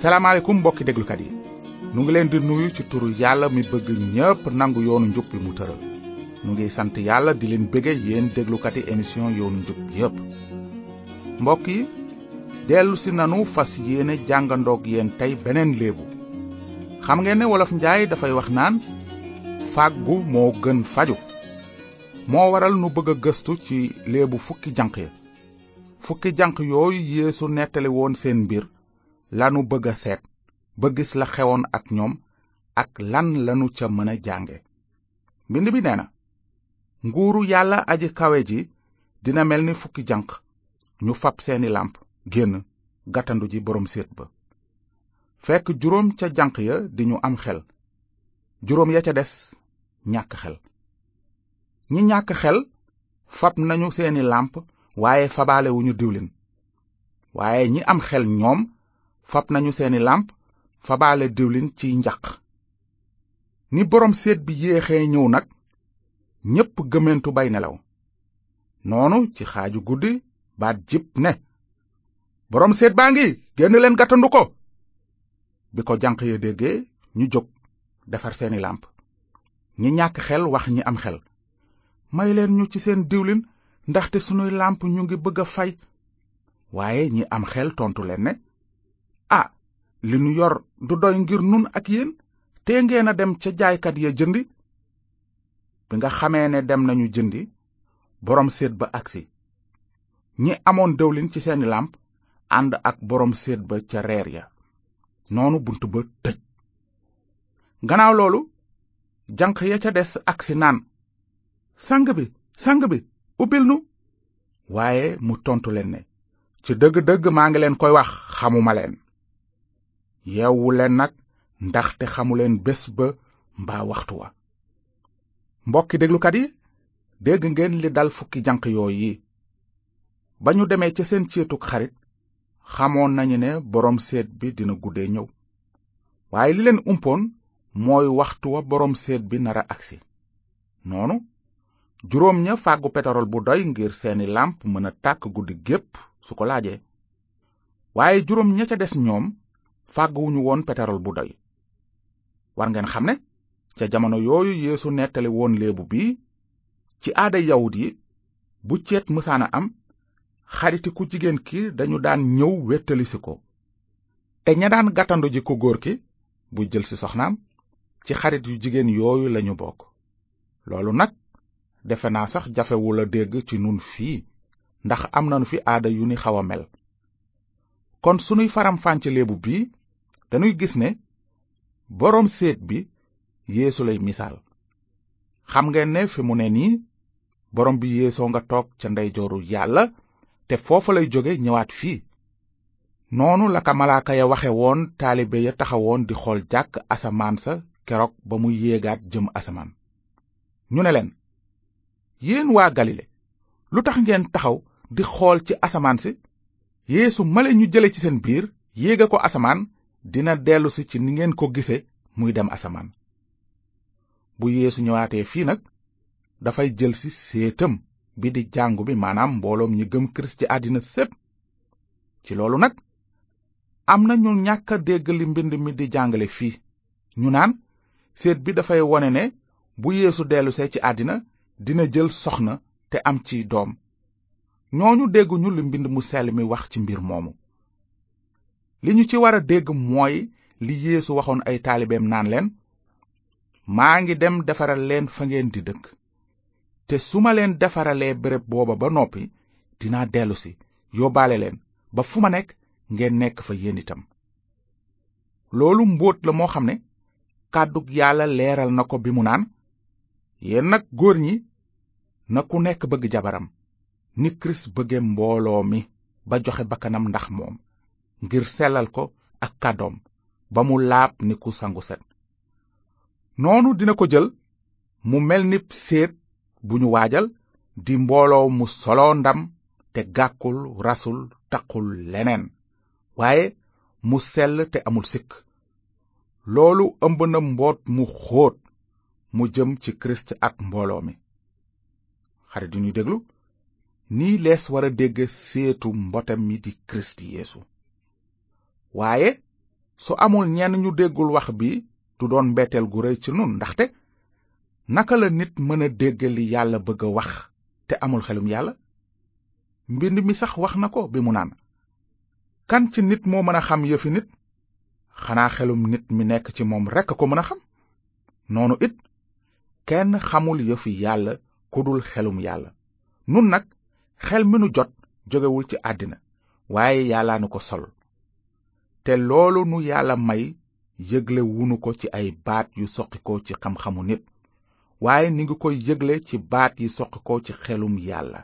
salaamaaleykum mbokki déglukat yi nu ngi leen di nuyu ci turu yàlla mi bëgg ñépp nangu yoonu njub bi mu tëral nu ngi sant yàlla di leen bëgge yéen déglukat yi émission yoonu njub yépp mbokk yi dellu si nanu fas yéene jàngandoog yéen tey beneen léebu xam ngeen ne wolof njaay dafay wax naan fàggu moo gën faju moo waral nu bëgg a gëstu ci léebu fukki janq ya fukki janq yooyu yéesu nettali woon seen mbir lanu bëgg a seet ba gis la xewoon ak ñoom ak lan lanu ca mën a jànge mbind mi nee na nguuru yàlla aji kawe ji dina mel ni fukki janq ñu fab seeni làmp génn gàttandu ji boroom séet ba fekk juróom ca janq ya di ñu am xel juróom ya ca des ñàkk xel ñi ñàkk xel fab nañu seeni làmp waaye fabaale wu diwlin waaye ñi am xel ñoom fab nañu seeni làmp fabaale diwlin ci njaq ni boroom seet bi yéexee ñëw nag ñépp gëmentu bay nelaw noonu ci xaaju guddi baat jib ne boroom seet baa ngi génn leen gàttandu ko bi ko janq ya déggee ñu jóg defar seeni làmp ñi ñàkk xel wax ñi am xel may leen ñu ci seen diwlin ndaxte sunuy làmp ñu ngi bëgg a fay waaye ñi am xel tontu leen ne li nu yor du doy ngir nun ak yéen tee ngeen a dem ca jaaykat ya jëndi bi nga xamee ne dem nañu jëndi boroom seet ba agsi ñi amoon dëwlin ci seeni làmp ànd ak boroom séet ba ca reer ya noonu bunt ba tëj gannaaw loolu janq ya ca des agsi naan sang bi sang bi ubbil nu waaye mu tontu leen ne ci dëgg-dëgg maa ngi leen koy wax xamuma leen yeewu leen nag ndaxte leen bés ba mbaa waxtu wa mbokki déglukat yi dégg ngeen li dal fukki janq yooyu yi ba ñu demee ca seen ceetuk xarit xamoon nañu ne boroom seet bi dina guddee ñëw waaye li leen umpoon mooy waxtu wa boroom seet bi nar a agsi noonu juróom ña fàggu petorol bu doy ngir seeni làmp mën a tàkk guddi gépp su ko laajee waaye juróom ña ca des ñoom fàgguwuñu woon petarol bu doy war ngeen xam ne ca jamono yooyu yéesu nettali woon léebu bi ci aada yawut yi bu ceet mësaana am xariti ku jigéen ki dañu daan ñëw wettalisi ko te ña daan gàttandu ji ku góor ki bu jël si soxnaam ci xarit yu jigéen yooyu lañu bokk loolu nag defe naa sax jafewul a dégg ci nun fii ndax am nanu fi aada yu ni xaw a mel kon sunuy faram-fànce léebu bii danuy gis ne boroom séet bi yeesu lay misaal xam ngeen ne fi mu ne nii borom bi yeesoo nga toog ca ndeyjooru yàlla te foofa lay jóge ñëwaat fii noonu la ka malaaka ya waxe woon taalibe ya taxawoon di xool jàkk asamaan sa keroog ba mu yéegaat jëm asamaan ñu ne leen yéen waa galile lu tax ngeen taxaw di xool ci asamaan si yéesu male ñu jële ci seen biir yéega ko asamaan dina dellusi ci ni ngeen ko gise muy dem asamaan bu yéesu ñëwaatee fii nag dafay jël si séetam bi di jàngu bi maanaam mbooloom ñi gëm kirist ci àddina sépp ci loolu nag am na ñu ñàkk dégg li mbind mi di jàngale fii ñu naan séet bi dafay wone ne bu yeesu dellusee ci àddina dina jël soxna te am ci doom ñooñu dégguñu li mbind mu sell mi wax ci mbir moomu li ñu ci war a dégg mooy li yéesu waxoon ay taalibeem naan leen maa ngi dem defaral leen fa ngeen di dëkk te su ma leen defaralee bërëb booba ba noppi dinaa dellusi yóbbaale leen ba fu ma nekk ngeen nekk fa yéen itam loolu mbóot la moo xam ne kàddug yàlla leeral na ko bi mu naan yéen nag góor ñi na ku nekk bëgg jabaram ni kirist bëgge mbooloo mi ba joxe bakkanam ndax moom ngir sellal ko ak kàddoom ba mu laab ni ku sangu set noonu dina ko jël mu mel ni séet bu ñu waajal di mbooloo mu soloo ndam te gàkkul rasul taqul leneen waaye mu sell te amul sikk loolu ëmb na mboot mu xóot mu jëm ci kirist ak mbooloo mi xare yu ñuy déglu nii lees war a dégg seetu mboote mi di kirist yeesu waaye su amul ñenn ñu déggul wax bi du doon mbetteel gu rëy ci nun ndaxte naka la nit mën a dégg li yàlla bëgg a wax te amul xelum yàlla mbind mi sax wax na ko bi mu naan kan ci nit moo mën a xam yëfi nit xanaa xelum nit mi nekk ci moom rekk ko mën a xam noonu it kenn xamul yëfi yàlla ku dul xelum yàlla nun nag xel mi nu jot jógewul ci àddina waaye yàllaa nu ko sol te loolu nu yàlla may yëgle wunu ko ci ay baat yu soqi ci xam-xamu nit waaye ni ngi koy yëgle ci baat yi soqi ko ci xelum yàlla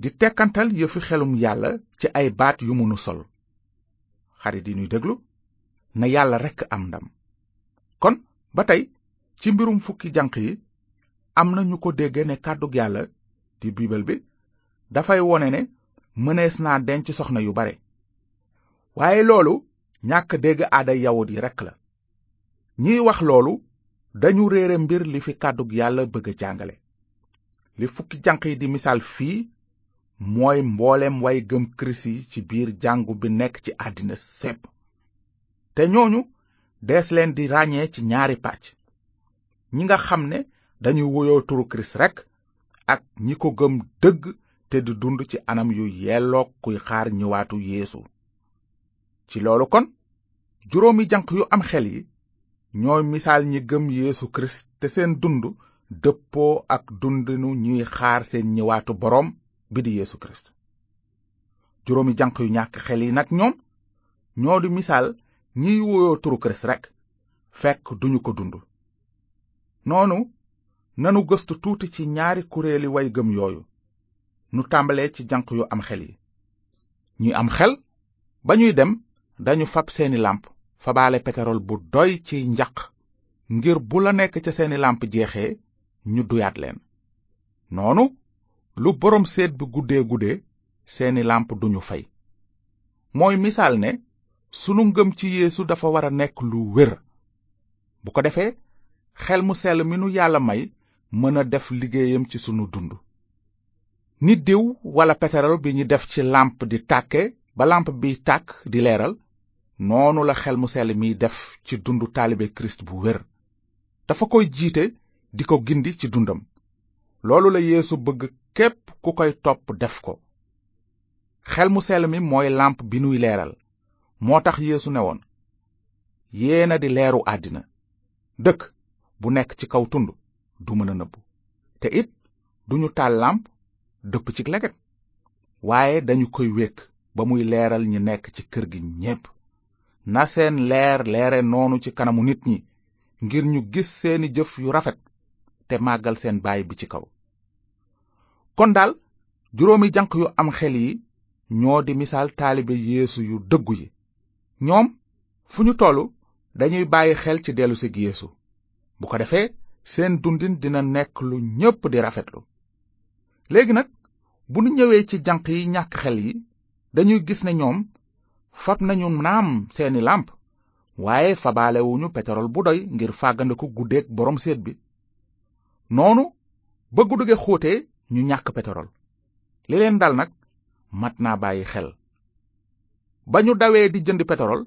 di tekkantal yëfi xelum yàlla ci ay baat yu munu sol xarit yi ñuy déglu na yàlla rekk am ndam kon ba tey ci mbirum fukki janq yi am na ñu ko dégge ne kàddug yàlla di biibal bi dafay wone ne mënees naa denc soxna yu bare waaye loolu ñàkk dégg aada yawut yi rekk la ñiy wax loolu dañu réere mbir li fi kàddu yàlla bëgg jàngale li fukki janq yi di misaal fii mooy mboolem way gëm kirist yi ci biir jàngu bi nekk ci àddina sépp te ñooñu dees leen di ràññee ci ñaari pàcc ñi nga xam ne dañuy woyoo turu kirist rekk ak ñi ko gëm dëgg te du dund ci anam yu yelloog kuy xaar ñëwaatu yeesu ci loolu kon juróomi janq yu am xel yi ñooy misaal ñi gëm yéesu Kirist te seen dund dëppoo ak dundinu ñuy xaar seen ñëwaatu boroom bi di Yeesu Kirist juróomi janq yu ñàkk xel yi nag ñoom ñoo di misaal ñiy wuyoo turu Kirist rekk fekk duñu ko dund noonu nanu gëstu tuuti ci ñaari kuréeli way gëm yooyu nu tàmbalee ci janq yu am xel yi ñi am xel ba ñuy dem dañu fab seeni làmp fabaale peterol bu doy ci njaq ngir bu la nekk ca seeni làmp jeexee ñu duyaat leen noonu lu boroom seet bi guddee guddee seeni làmp duñu fay mooy misaal ne sunu ngëm ci yéesu dafa war a nekk lu wér bu ko defee xel mu sell mi nu yàlla may mën a def liggéeyam ci sunu dund nit diw wala pétrole bi ñu def ci làmp di tàkke ba làmp bi tàkk di leeral noonu la xel mu sell mi def ci dundu taalibe kirist bu wér dafa koy jiite di ko gindi ci dundam loolu la yéesu bëgg képp ku koy topp def ko xel mu sell mi mooy làmp bi nuy leeral moo tax yéesu ne woon yéena di leeru àddina dëkk bu nekk ci kaw tund du mën a nëbbu te it duñu taal làmp dëpp ci leget waaye dañu koy wékk ba muy leeral ñi nekk ci kër gi ñépp na seen leer leere noonu ci kanamu nit ñi ngir ñu gis seeni jëf yu rafet te màggal seen baay bi ci kaw kon daal juróomi janq yu am xel yi ñoo di misaal taalibe yéesu yu dëggu yi ñoom fu ñu tollu dañuy bàyyi xel ci dellusig yeesu bu ko defee seen dundin dina nekk lu ñépp di rafetlu léegi nag bu nu ñëwee ci janq yi ñàkk xel yi dañuy gis ne ñoom fab nañu naam seeni làmp waaye fabaalewuñu petorol bu doy ngir fàggandiku guddeeg borom seet bi noonu ba guddi ge ñu ñàkk petorol li leen dal nag mat naa bàyyi xel ba ñu dawee di jënd petorol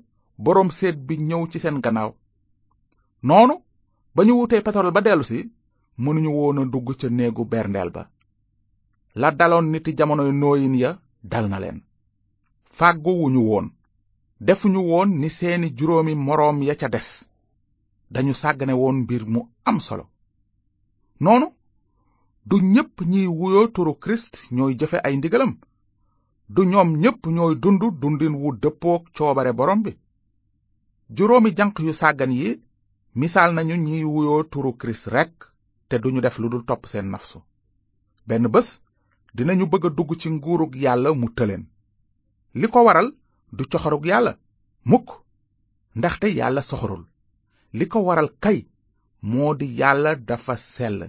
borom seet bi ñëw ci seen gannaaw noonu ba ñu wutee petorol ba dellusi mënuñu woon a dugg ca néegu berndeel ba la daloon niti jamonoy nooyin ya dal na leen fàgguwuñu woon defuñu woon ni seeni juróomi moroom ya ca des dañu sàggane woon mbir mu am solo noonu du ñépp ñiy wuyoo turu kirist ñooy jëfe ay ndigalam du ñoom ñépp ñooy dund dundin wu dëppook coobare borom bi juróomi janq yu sàggan yi misaal nañu ñiy wuyoo turu kirist rekk te duñu def lu dul topp seen nafsu benn bés dinañu bëgg a dugg ci nguurug yàlla mu tëleen li ko waral du coxorug yàlla mukk ndaxte yàlla soxorul li ko waral kay moo di yàlla dafa sell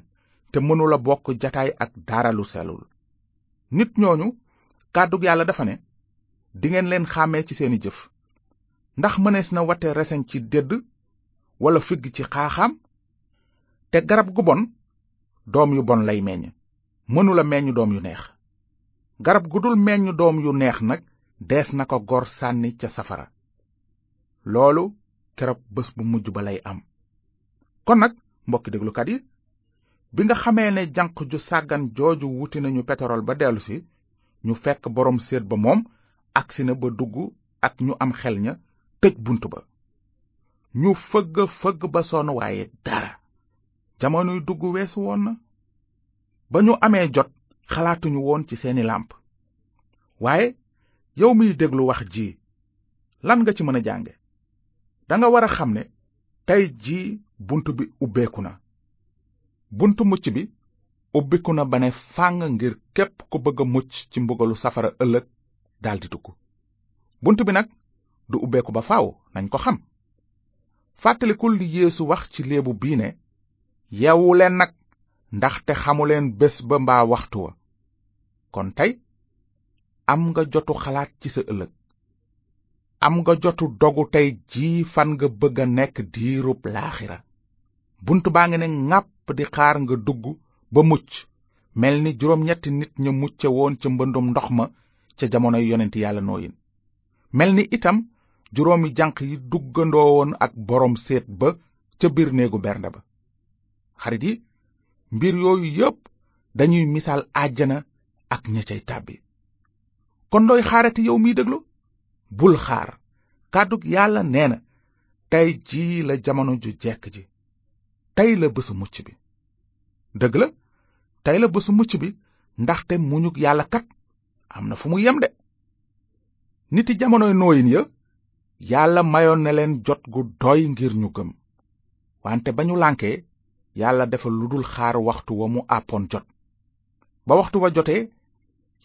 te mënula bokk jataay ak dara lu sellul nit ñooñu kàddug yàlla dafa ne dingeen leen xàmmee ci seeni jëf ndax mënees na wate reseñ ci dëdd wala figg ci xaaxaam te garab gu bon doom yu bon lay meññ mënula meññ doom yu neex garab gu dul meññ doom yu neex nag dees na ko gor sànni ca safara loolu keroog bés bu mujj ba lay am kon nag mbokki déglukat yi bi nga xamee ne janq ju sàggan jooju wuti nañu petarool ba dellusi ñu fekk boroom séet ba moom agsi na ba dugg ak ñu am xel ña tëj bunt ba ñu fëgg fëgg ba sonn waaye dara jamonoy dugg weesu woon na ba ñu amee jot xalaatuñu woon ci seeni làmp waaye yow miy déglu wax ji lan nga ci mën a jànge danga war a xam ne tey ji bunt bi ubbeeku na bunt mucc bi ubbiku na ba ne fàng ngir képp ko bëgg mucc ci mbugalu safara ëllëg daldi dugg bunt bi nag du ubbeeku ba faaw nañ ko xam fàttalikul li yeesu wax ci léebu bii ne yeewu leen nag ndaxte xamuleen bés ba mbaa waxtu wa kon tey am nga jotu xalaat ci sa ëllëg am nga jotu dogu tey jii fan nga bëgg a nekk diirub laaxira bunt baa ngi ne ŋàpp di xaar nga dugg ba mucc mel ni juróom ñetti nit ña mucce woon ca mbëndum ndox ma ca jamonoy yonent yàlla nooyin mel ni itam juróomi janq yi duggandoo woon ak boroom séet ba ca biir néegu bernde ba xarit yi mbir yooyu yépp dañuy misaal àjjana ak ña cay tàbbi kon looy xaarati yow miy déglu bul xaar kàddug yàlla nee na tey jii la jamono ju jekk ji tey la bésu mucc bi dëgg la tey la bésu mucc bi ndaxte muñug yàlla kat am na fu mu yem de niti jamonoy nooyin ya yàlla mayoon na leen jot gu doy ngir ñu gëm wante ba ñu lànkee yàlla dafa lu dul xaar waxtu wa mu àppoon jot ba waxtu wa jotee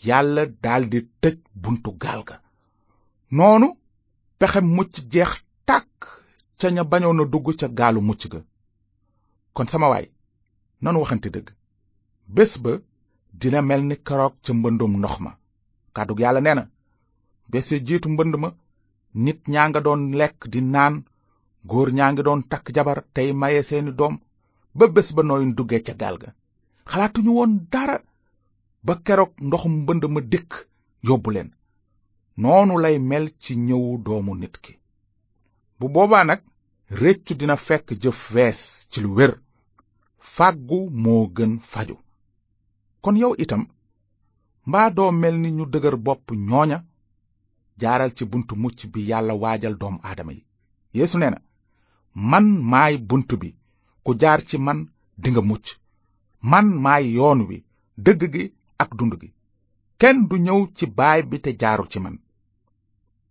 yàlla daldi tëj buntu gaal ga noonu pexe mucc jeex tàkk ca ña bañoon a dugg ca gaalu mucc ga kon sama waay noonu waxante dëgg bés ba dina mel ni keroog ca mbëndum ndox ma kàddug yàlla nee na bés ya jiitu mbënd ma nit ñaa nga doon lekk di naan góor ñaa ngi doon takk jabar tey maye seeni doom ba bés ba nooyin duggee ca gaal ga xalaatuñu woon dara ba keroog ndoxum mbënd ma dikk yóbbu leen noonu lay mel ci ñëwu doomu nit ki bu boobaa nag réccu dina fekk jëf wees ci lu wér fàggu moo gën faju kon yow itam mbaa doo mel ni ñu dëgër bopp ñooña jaaral ci buntu mucc bi yàlla waajal doom aadama yi yeesu nee na man maay bunt bi ku jaar ci man dinga mucc man maay yoon wi dëgg gi ak dund gi kenn du ñëw ci baay bi te jaarul ci man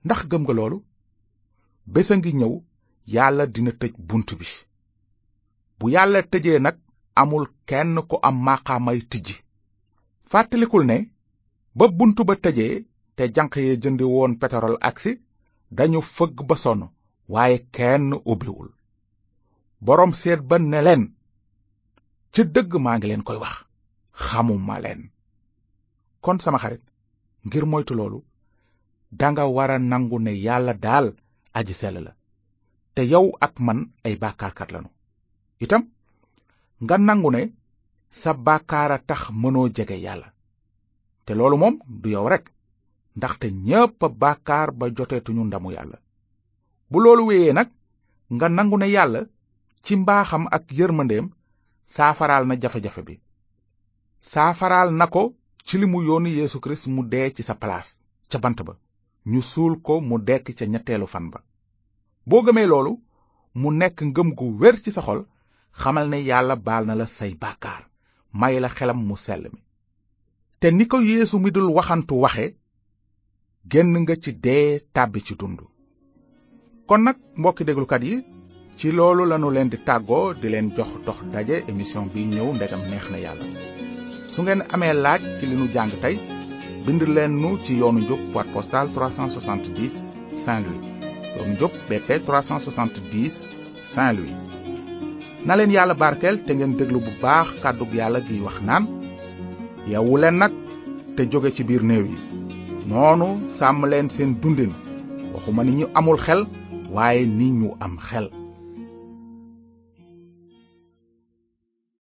ndax gëm nga loolu bés a ngi ñëw yàlla dina tëj bunt bi bu yàlla tëjee nag amul kenn ku am maqaamay tijji fàttalikul ne ba bunt ba tëjee te janq yee jëndi woon petorol agsi dañu fëgg ba sonn waaye kenn ubbiwul boroom seet ba ne leen ci dëgg maa ngi leen koy wax xamuma leen kon sama xarit ngir moytu loolu danga wara nangu ne yàlla daal aji sell la te yow ak man ay bàkkaarkat lanu itam nga nangu ne sa bàkkaar a tax mënoo jege yàlla te loolu moom du yow rekk ndaxte ñépp a ba joteetuñu ndamu yàlla bu loolu wéyee nag nga nangu ne yàlla ci mbaaxam ak yërmandeem saafaraal na jafe-jafe bi saafaraal na ko ci li mu yoonu yéesu Kirist mu dee ci sa palaas ca bant ba ñu suul ko mu dekk ca ñetteelu fan ba boo gëmee loolu mu nekk ngëm gu wér ci sa xol xamal ne yàlla baal na la say bàkkaar may la xelam mu sell mi te ni ko yéesu mi dul waxantu waxe génn nga ci dee tàbbi ci dund kon nag mbokki déglukat yi ci loolu lanu leen di tàggoo di leen jox dox daje émission bi ñëw ndegam neex na yàlla su ngeen amee laaj ci li nu jàng tey bind leen nu ci yoonu njub boîte postale 370 Saint-Louis yoonu njub BP 370 Saint-Louis. na leen yàlla barkeel te ngeen déglu bu baax kàddug yàlla giy wax naan yeewu leen nag te jóge ci biir néew yi noonu sàmm leen seen dundin ma ni ñu amul xel waaye ni ñu am xel.